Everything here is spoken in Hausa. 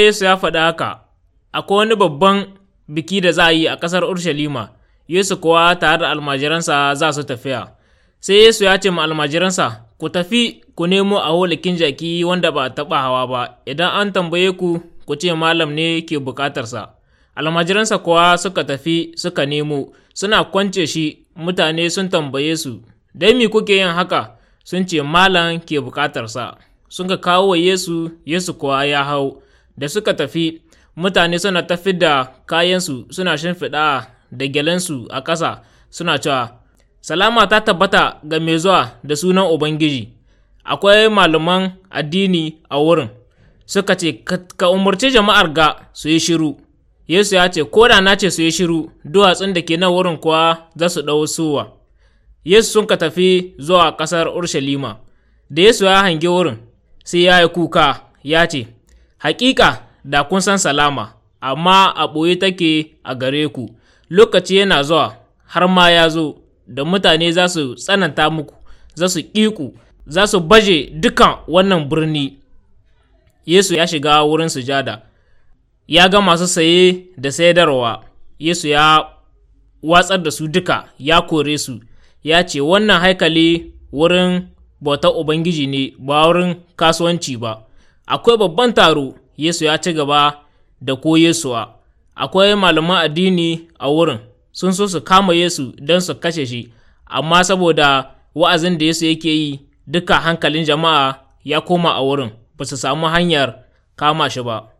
ta Yesu ya faɗa haka, akwai wani babban biki da za a yi a ƙasar Urshalima, Yesu kuwa tare da almajiransa za su tafiya. Sai Yesu ya ce ma almajiransa, Ku tafi ku nemo a holikin jaki wanda ba a taɓa hawa ba, idan an tambaye ku, ku ce malam ne ke bukatarsa. Almajiransa kuwa suka tafi suka nemo, suna kwance shi mutane sun tambaye su, Dai me kuke yin haka? Sun ce malam ke bukatarsa. Sun ka kawo wa Yesu, Yesu kuwa ya hau. da suka tafi mutane suna tafi da kayansu suna shimfiɗa da gyalensu a ƙasa suna cewa salama ta tabbata ga mai zuwa da sunan ubangiji akwai malaman addini a wurin suka ce ka umarci jama'ar ga su yi shiru yesu ya ce ko da na ce su yi shiru duwatsun da ke nan wurin kuwa za su ɗau suwa yesu sun ka tafi zuwa ƙasar urshalima da yesu ya hangi wurin sai ya yi kuka ya ce Hakika da kun san salama, amma a ɓoye take a gare ku, lokaci yana zuwa, har ma ya zo, da mutane za su tsananta muku, za su ƙiƙu, za su baje dukan wannan birni. Yesu ya shiga wurin sujada, ya ga masu saye da sayarwa, Yesu ya watsar da su duka, ya kore su, ya ce, Wannan haikali wurin bautar Ubangiji ne, ba wurin kasuwanci ba. akwai babban taro yesu ya ci gaba da ko yesuwa akwai malaman addini a wurin sun so su kama yesu don su kashe shi amma saboda wa'azin da yesu yake yi duka hankalin jama'a ya koma a wurin ba su samu hanyar kama shi ba